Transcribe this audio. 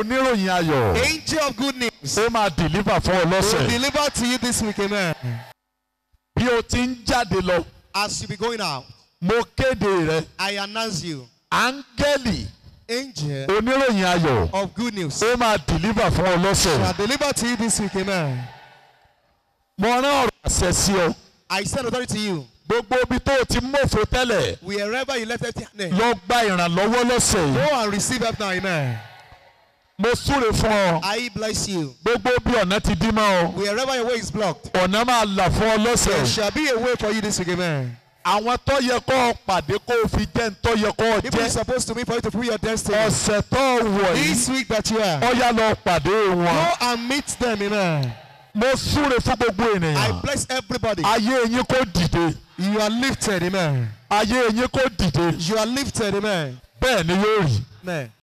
oníròyìn ayọ̀. angel of good news. ó máa deliver fún ọ lọ́sẹ̀. will deliver to you this week amen. bí o ti ń jáde lọ. as you be going out. mo kéde rẹ. I announce you. áńgẹ́lì. angel. oníròyìn ayọ̀. of good news. ó máa deliver fún ọ lọ́sẹ̀. shall deliver to you this week amen. mo rán ọ̀rọ̀ àṣẹ sí ọ. I send authority to you gbogbo ibi tó o ti mọ̀fọ́ tẹ́lẹ̀. wherever you left empty handed. lọ gba ìrànlọ́wọ́ lọ́sẹ̀ yìí. go and receive help now amen. Mo súre fún ọ. I bless you. Gbogbo bí ọ̀nà ti dí mọ́ ọ. Wherever your way is blocked. Ọ̀nà máa là fún ọ lọ́sẹ̀. There shall be a way for you this week, amen. Àwọn tó yẹ kó o pàdé kó o fi jẹ́ tó yẹ kó o jẹ́. People are supposed to meet for you to fulfill your destiny. Ọ̀sẹ̀ tó wọ̀ yìí. This week that you are. Ó lọ pàdé wọn. Go and meet them, amen. Mo súre fún gbogbo ènìyàn. I bless everybody. Ayé yín kó dìde. You are lifted, amen. Ayé yín kó dìde. You are lifted, amen. Bẹ́ẹ̀ ni yóò rí. Amen.